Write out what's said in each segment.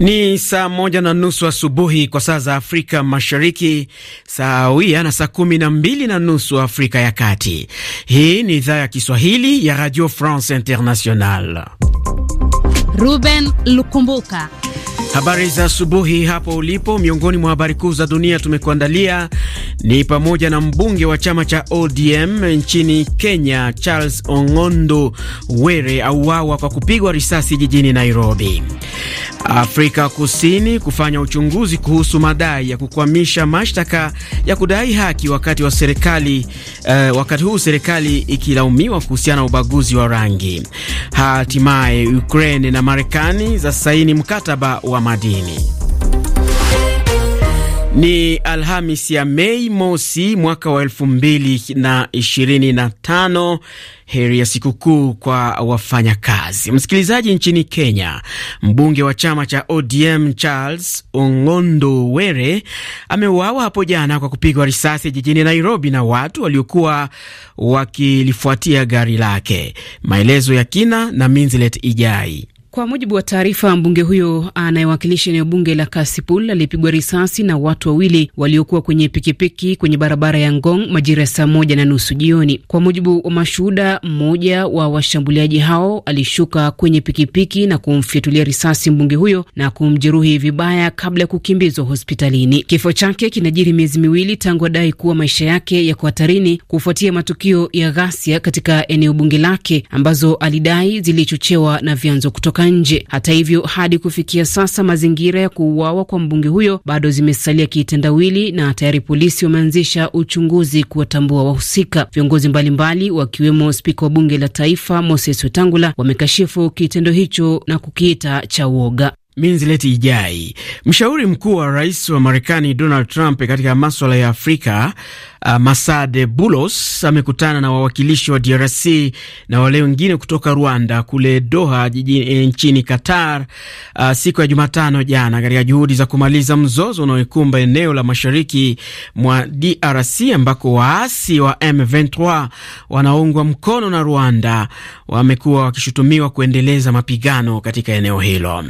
Ni saa moja na nusu asubuhi kwa saa za Afrika Mashariki, wia na saa kumi na mbili na nusu Afrika ya Kati. Hii ni idhaa ya Kiswahili ya Radio France International. Ruben Lukumbuka. Habari za asubuhi hapo ulipo. Miongoni mwa habari kuu za dunia tumekuandalia ni pamoja na mbunge wa chama cha ODM nchini Kenya Charles Ong'ondo Were auawa kwa kupigwa risasi jijini Nairobi. Afrika Kusini kufanya uchunguzi kuhusu madai ya kukwamisha mashtaka ya kudai haki wakati wa serikali, uh, wakati huu serikali ikilaumiwa kuhusiana na ubaguzi wa rangi. Hatimaye Ukraine na Marekani za saini mkataba wa madini. Ni Alhamis ya Mei mosi mwaka wa elfu mbili na ishirini na tano. Heri ya sikukuu kwa wafanyakazi. Msikilizaji, nchini Kenya, mbunge wa chama cha ODM Charles Ong'ondo Were ameuawa hapo jana kwa kupigwa risasi jijini Nairobi na watu waliokuwa wakilifuatia gari lake. Maelezo ya kina na Minzlet Ijai. Kwa mujibu wa taarifa, mbunge huyo anayewakilisha eneo bunge la Kasipul alipigwa risasi na watu wawili waliokuwa kwenye pikipiki kwenye barabara ya Ngong majira ya saa moja na nusu jioni. Kwa mujibu wa mashuhuda, mmoja wa washambuliaji hao alishuka kwenye pikipiki na kumfyatulia risasi mbunge huyo na kumjeruhi vibaya kabla ya kukimbizwa hospitalini. Kifo chake kinajiri miezi miwili tangu adai kuwa maisha yake yako hatarini kufuatia matukio ya ghasia katika eneo bunge lake ambazo alidai zilichochewa na vyanzo kutoka nje. Hata hivyo, hadi kufikia sasa mazingira ya kuuawa kwa mbunge huyo bado zimesalia kitendawili na tayari polisi wameanzisha uchunguzi kuwatambua wahusika. Viongozi mbalimbali wakiwemo spika wa bunge la taifa Moses Wetangula wamekashifu kitendo hicho na kukiita cha uoga. Minzileti Ijai, mshauri mkuu wa rais wa Marekani Donald Trump katika maswala ya Afrika uh, Masade Bulos amekutana na wawakilishi wa DRC na wale wengine kutoka Rwanda kule Doha jijini, e, nchini Qatar uh, siku ya Jumatano jana katika juhudi za kumaliza mzozo unaoikumba eneo la mashariki mwa DRC ambako waasi wa M23 wanaoungwa mkono na Rwanda wamekuwa wakishutumiwa kuendeleza mapigano katika eneo hilo.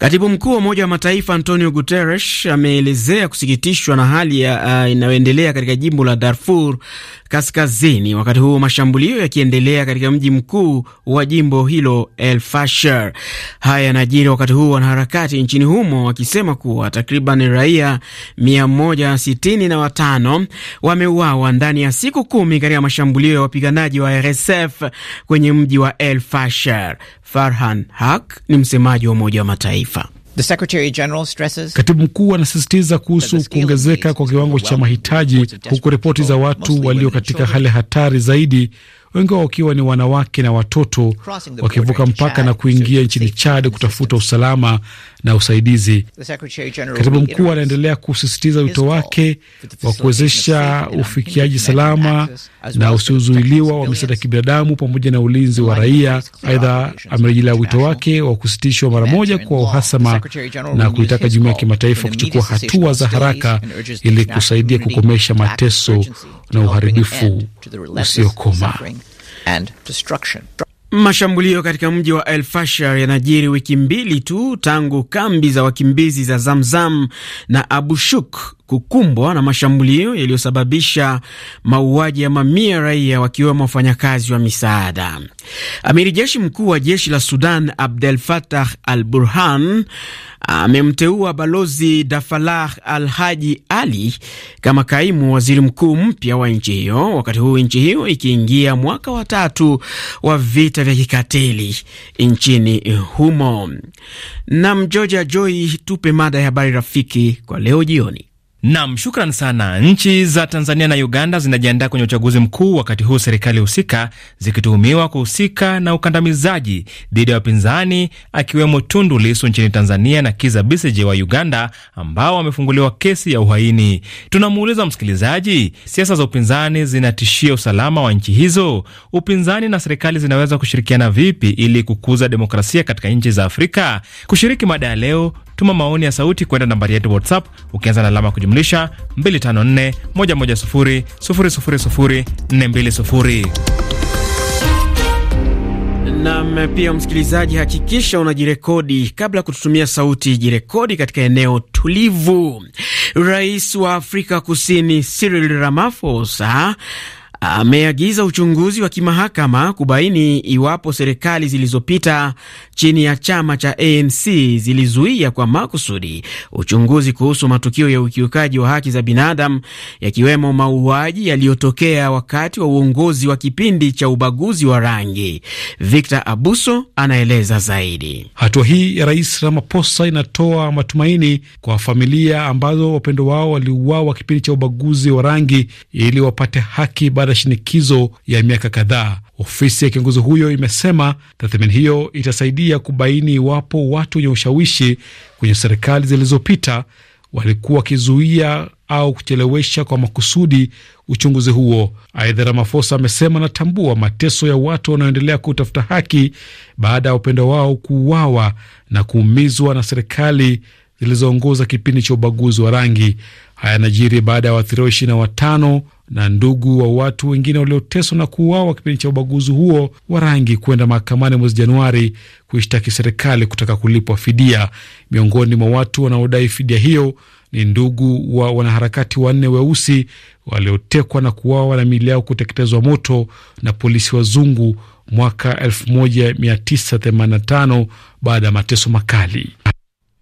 Katibu mkuu wa Umoja wa Mataifa Antonio Guterres ameelezea kusikitishwa na hali uh, inayoendelea katika jimbo la Darfur Kaskazini, wakati huo mashambulio yakiendelea katika mji mkuu wa jimbo hilo El Fasher. Haya yanajiri wakati huu wanaharakati nchini humo wakisema kuwa takriban raia 165 wameuawa ndani ya siku kumi katika mashambulio ya wapiganaji wa RSF kwenye mji wa El Fasher. Farhan Haq ni msemaji wa Umoja wa Mataifa. katibu mkuu anasisitiza kuhusu kuongezeka kwa kiwango cha mahitaji, huku ripoti za watu walio katika hali hatari zaidi wengi wao wakiwa ni wanawake na watoto, wakivuka mpaka na kuingia nchini Chad kutafuta usalama na usaidizi. Katibu mkuu anaendelea kusisitiza wito wake wa kuwezesha ufikiaji salama na usiozuiliwa wa misaada ya kibinadamu pamoja na ulinzi wa raia. Aidha, amerejelea wito wake wa kusitishwa mara moja kwa uhasama na kuitaka jumuiya ya kimataifa kuchukua hatua za haraka ili kusaidia kukomesha mateso na uharibifu usiokoma. Mashambulio katika mji wa El Fashar yanajiri wiki mbili tu tangu kambi za wakimbizi za Zamzam na abu shuk kukumbwa na mashambulio yaliyosababisha mauaji ya mamia raia wakiwemo wafanyakazi wa misaada. Amiri jeshi mkuu wa jeshi la Sudan Abdel Fattah al Burhan amemteua Balozi Dafalah Al Haji Ali kama kaimu waziri mkuu mpya wa nchi hiyo, wakati huu nchi hiyo ikiingia mwaka wa tatu wa vita vya kikatili nchini humo. Nam Georgia Joy, tupe mada ya habari rafiki kwa leo jioni. Nam, shukran sana. Nchi za Tanzania na Uganda zinajiandaa kwenye uchaguzi mkuu, wakati huu serikali husika zikituhumiwa kuhusika na ukandamizaji dhidi ya wapinzani, akiwemo Tundu Lisu nchini Tanzania na Kiza Bisije wa Uganda, ambao wamefunguliwa kesi ya uhaini. Tunamuuliza msikilizaji, siasa za upinzani zinatishia usalama wa nchi hizo? Upinzani na serikali zinaweza kushirikiana vipi ili kukuza demokrasia katika nchi za Afrika? Kushiriki mada ya leo, Tuma maoni ya sauti kwenda nambari yetu WhatsApp ukianza na alama kujumlisha 254 110 000 420. Nam pia, msikilizaji, hakikisha unajirekodi kabla kututumia sauti. Jirekodi katika eneo tulivu. Rais wa Afrika Kusini Cyril Ramaphosa ameagiza uchunguzi wa kimahakama kubaini iwapo serikali zilizopita chini ya chama cha ANC zilizuia kwa makusudi uchunguzi kuhusu matukio ya ukiukaji wa haki za binadamu yakiwemo mauaji yaliyotokea wakati wa uongozi wa kipindi cha ubaguzi wa rangi. Victor Abuso anaeleza zaidi. Hatua hii ya Rais Ramaphosa inatoa matumaini kwa familia ambazo wapendo wao waliuawa kipindi cha ubaguzi wa rangi ili wapate haki baada baada ya shinikizo ya miaka kadhaa. Ofisi ya kiongozi huyo imesema tathmini hiyo itasaidia kubaini iwapo watu wenye ushawishi kwenye serikali zilizopita walikuwa wakizuia au kuchelewesha kwa makusudi uchunguzi huo. Aidha, ramafosa amesema anatambua mateso ya watu wanaoendelea kutafuta haki baada ya upendo wao kuuawa na kuumizwa na serikali zilizoongoza kipindi cha ubaguzi wa rangi. Haya yanajiri baada ya waathiriwa ishirini na watano na ndugu wa watu wengine walioteswa na kuuawa kipindi cha ubaguzi huo wa rangi kwenda mahakamani mwezi Januari kuishtaki serikali kutaka kulipwa fidia. Miongoni mwa watu wanaodai fidia hiyo ni ndugu wa wanaharakati wanne weusi waliotekwa na kuuawa na miili yao kuteketezwa moto na polisi wazungu mwaka 1985 baada ya mateso makali.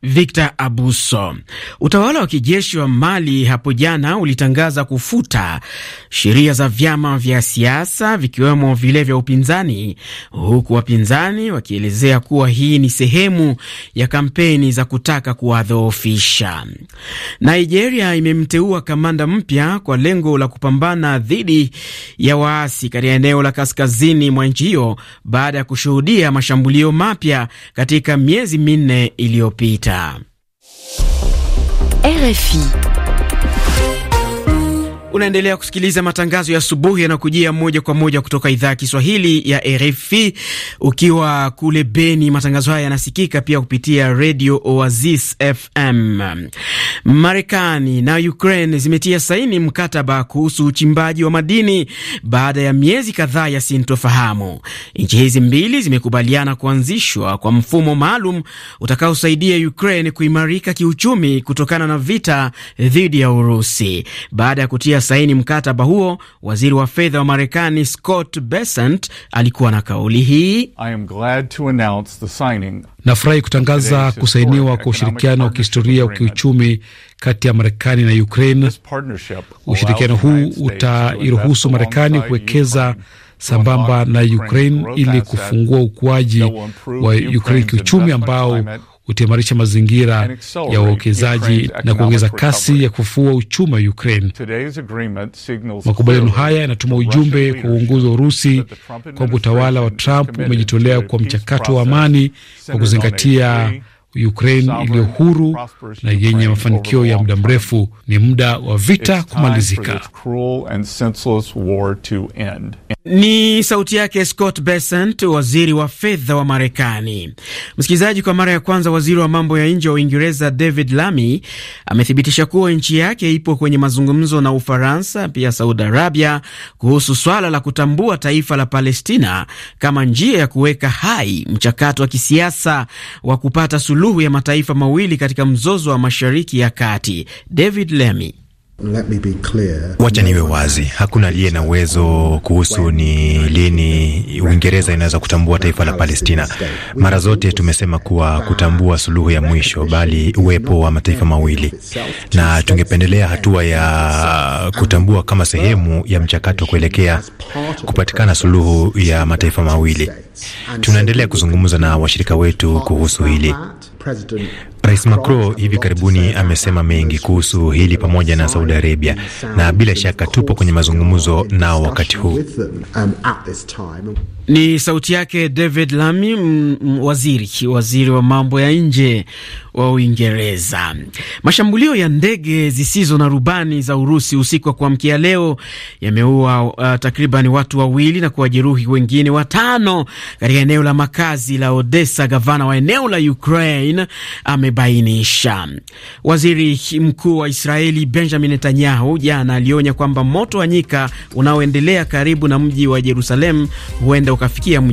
Victor Abuso. Utawala wa kijeshi wa Mali hapo jana ulitangaza kufuta sheria za vyama vya siasa vikiwemo vile vya upinzani, huku wapinzani wakielezea kuwa hii ni sehemu ya kampeni za kutaka kuwadhoofisha. Nigeria imemteua kamanda mpya kwa lengo la kupambana dhidi ya waasi katika eneo la kaskazini mwa nchi hiyo baada ya kushuhudia mashambulio mapya katika miezi minne iliyopita. RFI Unaendelea kusikiliza matangazo ya asubuhi yanakujia moja kwa moja kutoka idhaa ya Kiswahili ya RFI ukiwa kule Beni. Matangazo haya yanasikika pia kupitia Radio Oasis FM. Marekani na Ukraine zimetia saini mkataba kuhusu uchimbaji wa madini baada ya miezi kadhaa ya sintofahamu. Nchi hizi mbili zimekubaliana kuanzishwa kwa mfumo maalum utakaosaidia Ukraine kuimarika kiuchumi kutokana na vita dhidi ya Urusi baada ya kutia kutia saini mkataba huo, waziri wa fedha wa Marekani Scott Bessent alikuwa na kauli hii: nafurahi kutangaza kusainiwa kwa ushirikiano wa kihistoria wa kiuchumi kati ya Marekani na Ukraine. Ushirikiano huu utairuhusu Marekani kuwekeza sambamba na Ukraine ili kufungua ukuaji wa Ukraine kiuchumi ambao utaimarisha mazingira ya uwekezaji na kuongeza kasi ya kufufua uchumi wa Ukraine. Makubaliano haya yanatuma ujumbe kwa uongozi wa Urusi kwamba utawala wa Trump umejitolea kwa mchakato wa amani kwa kuzingatia Ukraine iliyo huru na yenye mafanikio ya muda mrefu. Ni muda wa vita kumalizika. Ni sauti yake Scott Bessent, waziri wa fedha wa Marekani. Msikilizaji, kwa mara ya kwanza waziri wa mambo ya nje wa Uingereza David Lammy amethibitisha kuwa nchi yake ipo kwenye mazungumzo na Ufaransa pia Saudi Arabia kuhusu swala la kutambua taifa la Palestina kama njia ya kuweka hai mchakato wa kisiasa wa kupata suluhu ya mataifa mawili katika mzozo wa Mashariki ya Kati. David Lammy Wacha niwe wazi, hakuna aliye na uwezo kuhusu ni lini Uingereza inaweza kutambua taifa la Palestina. Mara zote tumesema kuwa kutambua suluhu ya mwisho, bali uwepo wa mataifa mawili, na tungependelea hatua ya kutambua kama sehemu ya mchakato kuelekea kupatikana suluhu ya mataifa mawili. Tunaendelea kuzungumza na washirika wetu kuhusu hili. Rais Macron hivi karibuni amesema mengi kuhusu hili pamoja na Saudi Arabia, na bila shaka tupo kwenye mazungumzo nao wakati huu. Ni sauti yake David Lamy, waziri waziri wa mambo ya nje wa Uingereza. Mashambulio ya ndege zisizo na rubani za Urusi usiku wa kuamkia leo yameua uh, takriban watu wawili na kuwajeruhi wengine watano katika eneo la makazi la Odessa. Gavana wa eneo la Ukraine ame amebainisha. Waziri mkuu wa Israeli Benjamin Netanyahu jana alionya kwamba moto wa nyika unaoendelea karibu na mji wa Jerusalem huenda ukafikia mji